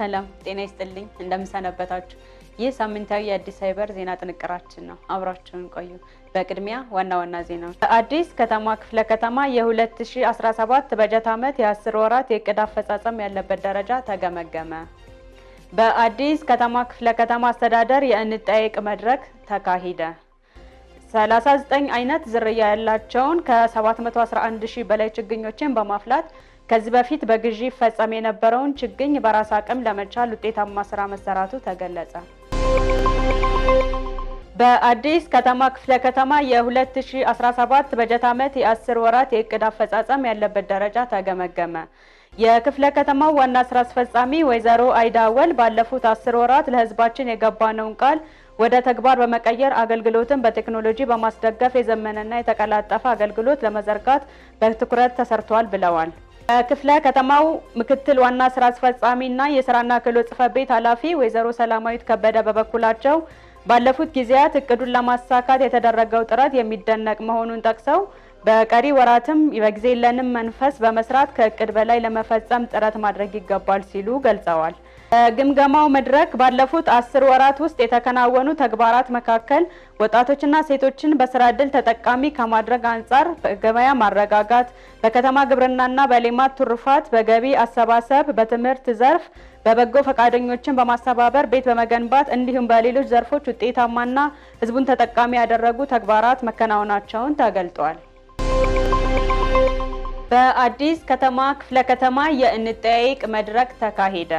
ሰላም ጤና ይስጥልኝ፣ እንደምሰነበታችሁ። ይህ ሳምንታዊ የአዲስ ሳይበር ዜና ጥንቅራችን ነው። አብራችሁን ቆዩ። በቅድሚያ ዋና ዋና ዜናዎች። በአዲስ ከተማ ክፍለ ከተማ የ2017 በጀት ዓመት የ10 ወራት የእቅድ አፈጻጸም ያለበት ደረጃ ተገመገመ። በአዲስ ከተማ ክፍለ ከተማ አስተዳደር የእንጠያየቅ መድረክ ተካሂደ። 39 አይነት ዝርያ ያላቸውን ከ711 ሺህ በላይ ችግኞችን በማፍላት ከዚህ በፊት በግዢ ይፈጸም የነበረውን ችግኝ በራስ አቅም ለመቻል ውጤታማ ስራ መሰራቱ ተገለጸ። በአዲስ ከተማ ክፍለ ከተማ የ2017 በጀት ዓመት የ10 ወራት የእቅድ አፈጻጸም ያለበት ደረጃ ተገመገመ። የክፍለ ከተማው ዋና ስራ አስፈጻሚ ወይዘሮ አይዳወል ባለፉት 10 ወራት ለህዝባችን የገባነውን ቃል ወደ ተግባር በመቀየር አገልግሎትን በቴክኖሎጂ በማስደገፍ የዘመነና የተቀላጠፈ አገልግሎት ለመዘርጋት በትኩረት ተሰርቷል ብለዋል። በክፍለ ከተማው ምክትል ዋና ስራ አስፈጻሚ እና የስራና ክህሎት ጽህፈት ቤት ኃላፊ ወይዘሮ ሰላማዊት ከበደ በበኩላቸው ባለፉት ጊዜያት እቅዱን ለማሳካት የተደረገው ጥረት የሚደነቅ መሆኑን ጠቅሰው በቀሪ ወራትም በጊዜ ለንም መንፈስ በመስራት ከእቅድ በላይ ለመፈጸም ጥረት ማድረግ ይገባል ሲሉ ገልጸዋል። ግምገማው መድረክ ባለፉት አስር ወራት ውስጥ የተከናወኑ ተግባራት መካከል ወጣቶችና ሴቶችን በስራ ዕድል ተጠቃሚ ከማድረግ አንጻር በገበያ ማረጋጋት፣ በከተማ ግብርናና በሌማት ትሩፋት፣ በገቢ አሰባሰብ፣ በትምህርት ዘርፍ በበጎ ፈቃደኞችን በማስተባበር ቤት በመገንባት እንዲሁም በሌሎች ዘርፎች ውጤታማና ህዝቡን ተጠቃሚ ያደረጉ ተግባራት መከናወናቸውን ተገልጧል። በአዲስ ከተማ ክፍለ ከተማ የእንጠያይቅ መድረክ ተካሄደ።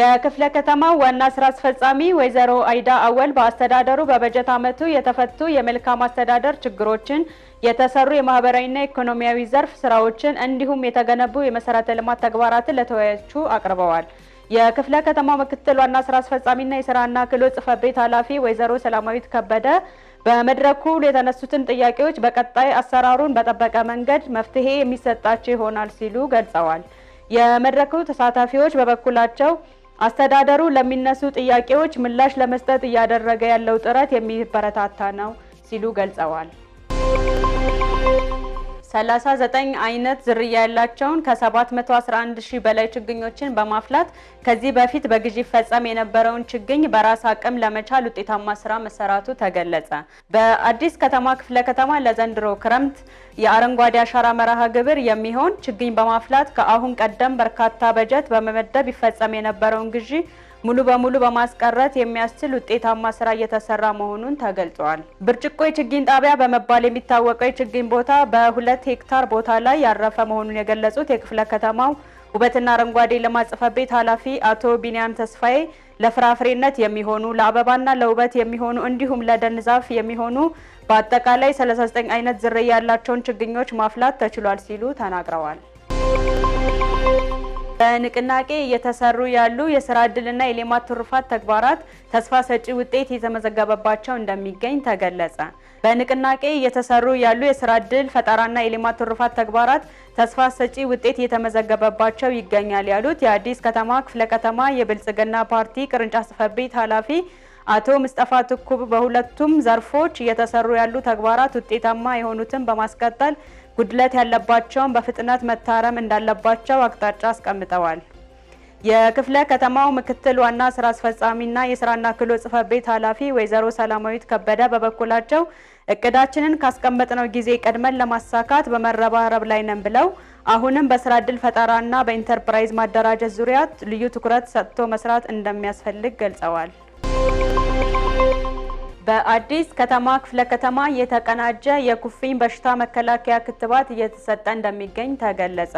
የክፍለ ከተማው ዋና ስራ አስፈጻሚ ወይዘሮ አይዳ አወል በአስተዳደሩ በበጀት ዓመቱ የተፈቱ የመልካም አስተዳደር ችግሮችን፣ የተሰሩ የማህበራዊና ኢኮኖሚያዊ ዘርፍ ስራዎችን እንዲሁም የተገነቡ የመሰረተ ልማት ተግባራትን ለተወያዮቹ አቅርበዋል። የክፍለ ከተማው ምክትል ዋና ስራ አስፈጻሚና የስራና ክህሎት ጽህፈት ቤት ኃላፊ ወይዘሮ ሰላማዊት ከበደ በመድረኩ የተነሱትን ጥያቄዎች በቀጣይ አሰራሩን በጠበቀ መንገድ መፍትሄ የሚሰጣቸው ይሆናል ሲሉ ገልጸዋል። የመድረኩ ተሳታፊዎች በበኩላቸው አስተዳደሩ ለሚነሱ ጥያቄዎች ምላሽ ለመስጠት እያደረገ ያለው ጥረት የሚበረታታ ነው ሲሉ ገልጸዋል። 39 አይነት ዝርያ ያላቸውን ከ711 ሺህ በላይ ችግኞችን በማፍላት ከዚህ በፊት በግዢ ፈጸም የነበረውን ችግኝ በራስ አቅም ለመቻል ውጤታማ ስራ መሰራቱ ተገለጸ። በአዲስ ከተማ ክፍለ ከተማ ለዘንድሮ ክረምት የአረንጓዴ አሻራ መርሃ ግብር የሚሆን ችግኝ በማፍላት ከአሁን ቀደም በርካታ በጀት በመመደብ ይፈጸም የነበረውን ግዢ ሙሉ በሙሉ በማስቀረት የሚያስችል ውጤታማ ስራ እየተሰራ መሆኑን ተገልጿል። ብርጭቆ የችግኝ ጣቢያ በመባል የሚታወቀው የችግኝ ቦታ በሁለት ሄክታር ቦታ ላይ ያረፈ መሆኑን የገለጹት የክፍለ ከተማው ውበትና አረንጓዴ ልማት ጽሕፈት ቤት ኃላፊ አቶ ቢንያም ተስፋዬ ለፍራፍሬነት የሚሆኑ ለአበባና ለውበት የሚሆኑ እንዲሁም ለደን ዛፍ የሚሆኑ በአጠቃላይ 39 አይነት ዝርያ ያላቸውን ችግኞች ማፍላት ተችሏል ሲሉ ተናግረዋል። በንቅናቄ እየተሰሩ ያሉ የስራ እድልና የሌማት ትሩፋት ተግባራት ተስፋ ሰጪ ውጤት የተመዘገበባቸው እንደሚገኝ ተገለጸ። በንቅናቄ እየተሰሩ ያሉ የስራ ዕድል ፈጠራና የሌማት ትሩፋት ተግባራት ተስፋ ሰጪ ውጤት የተመዘገበባቸው ይገኛል ያሉት የአዲስ ከተማ ክፍለ ከተማ የብልጽግና ፓርቲ ቅርንጫፍ ጽሕፈት ቤት ኃላፊ አቶ ምስጠፋ ትኩብ በሁለቱም ዘርፎች እየተሰሩ ያሉ ተግባራት ውጤታማ የሆኑትን በማስቀጠል ጉድለት ያለባቸውን በፍጥነት መታረም እንዳለባቸው አቅጣጫ አስቀምጠዋል። የክፍለ ከተማው ምክትል ዋና ስራ አስፈጻሚና የስራና ክህሎት ጽሕፈት ቤት ኃላፊ ወይዘሮ ሰላማዊት ከበደ በበኩላቸው እቅዳችንን ካስቀመጥነው ጊዜ ቀድመን ለማሳካት በመረባረብ ላይ ነን ብለው አሁንም በስራ እድል ፈጠራና በኢንተርፕራይዝ ማደራጀት ዙሪያ ልዩ ትኩረት ሰጥቶ መስራት እንደሚያስፈልግ ገልጸዋል። በአዲስ ከተማ ክፍለ ከተማ የተቀናጀ የኩፍኝ በሽታ መከላከያ ክትባት እየተሰጠ እንደሚገኝ ተገለጸ።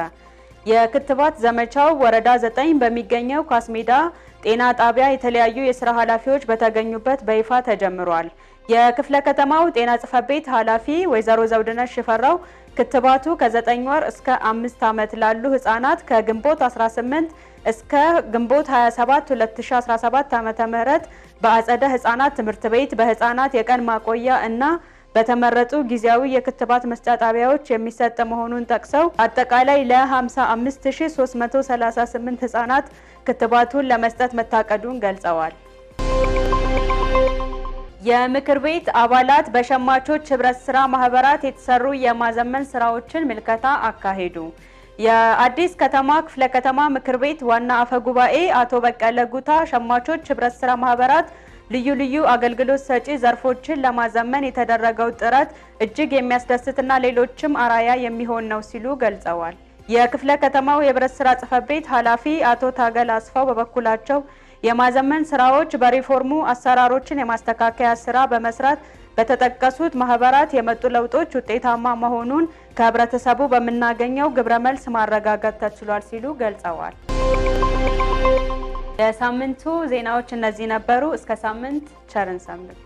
የክትባት ዘመቻው ወረዳ 9 በሚገኘው ካስሜዳ ጤና ጣቢያ የተለያዩ የስራ ኃላፊዎች በተገኙበት በይፋ ተጀምሯል። የክፍለ ከተማው ጤና ጽህፈት ቤት ኃላፊ ወይዘሮ ዘውድነሽ ሽፈራው ክትባቱ ከ9 ወር እስከ 5 ዓመት ላሉ ህጻናት ከግንቦት 18 እስከ ግንቦት 27 2017 ዓ.ም በአጸደ ህጻናት ትምህርት ቤት በህጻናት የቀን ማቆያ እና በተመረጡ ጊዜያዊ የክትባት መስጫ ጣቢያዎች የሚሰጥ መሆኑን ጠቅሰው አጠቃላይ ለ55338 ህጻናት ክትባቱን ለመስጠት መታቀዱን ገልጸዋል። የምክር ቤት አባላት በሸማቾች ህብረት ስራ ማህበራት የተሰሩ የማዘመን ስራዎችን ምልከታ አካሄዱ። የአዲስ ከተማ ክፍለ ከተማ ምክር ቤት ዋና አፈ ጉባኤ አቶ በቀለ ጉታ ሸማቾች ህብረት ስራ ማህበራት ልዩ ልዩ አገልግሎት ሰጪ ዘርፎችን ለማዘመን የተደረገው ጥረት እጅግ የሚያስደስትና ሌሎችም አራያ የሚሆን ነው ሲሉ ገልጸዋል። የክፍለ ከተማው የህብረት ስራ ጽህፈት ቤት ኃላፊ አቶ ታገል አስፋው በበኩላቸው የማዘመን ስራዎች በሪፎርሙ አሰራሮችን የማስተካከያ ስራ በመስራት በተጠቀሱት ማህበራት የመጡ ለውጦች ውጤታማ መሆኑን ከህብረተሰቡ በምናገኘው ግብረ መልስ ማረጋገጥ ተችሏል ሲሉ ገልጸዋል። የሳምንቱ ዜናዎች እነዚህ ነበሩ። እስከ ሳምንት ቸርን ሰንብት።